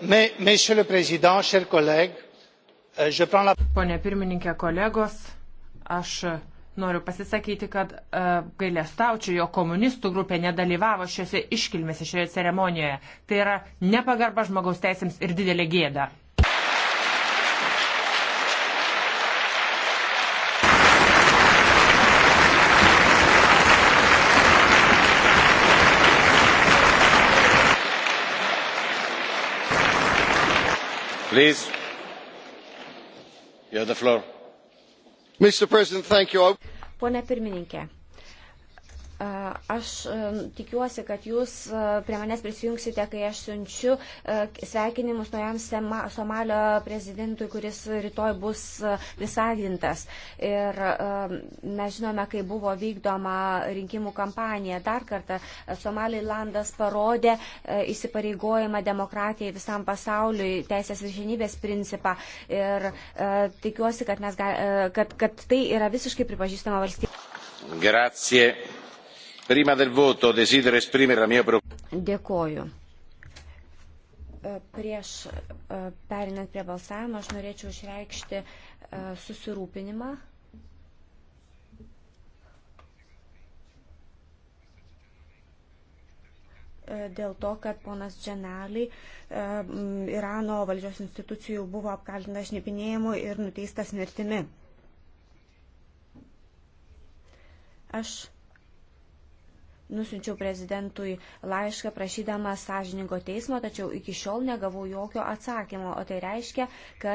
pabaiga monsieur le président chers collègues euh, je prends la pone pirmininke kolegos aš e, noriu pasisakyti kad apgailestaučiau e, jog komunistų grupė nedalyvavo šiose iškilmėse šioje ceremonijoje tai yra nepagarba žmogaus teisėms ir didelė gėda Pone pirmininkė, Aš tikiuosi, kad jūs prie manęs prisijungsite, kai aš siunčiu sveikinimus naujam Somalio prezidentui, kuris rytoj bus visagintas. Ir mes žinome, kai buvo vykdoma rinkimų kampanija. Dar kartą Somalilandas parodė įsipareigojimą demokratijai visam pasauliui, teisės viršinybės principą. Ir tikiuosi, kad, mes, kad, kad tai yra visiškai pripažįstama valstybė. Grazie. Prima del voto desidero esprimere la mia preoccupazione. Dėkoju. E, prieš e, perinant prie balsavimo aš norėčiau išreikšti e, susirūpinimą. Dėl to, kad ponas Dženelį Irano valdžios institucijų buvo apkaltintas šnipinėjimu ir nuteistas mirtimi. Aš nusinčiau prezidentui laišką prašydama sąžiningo teismo, tačiau iki šiol negavau jokio atsakymo, o tai reiškia, kad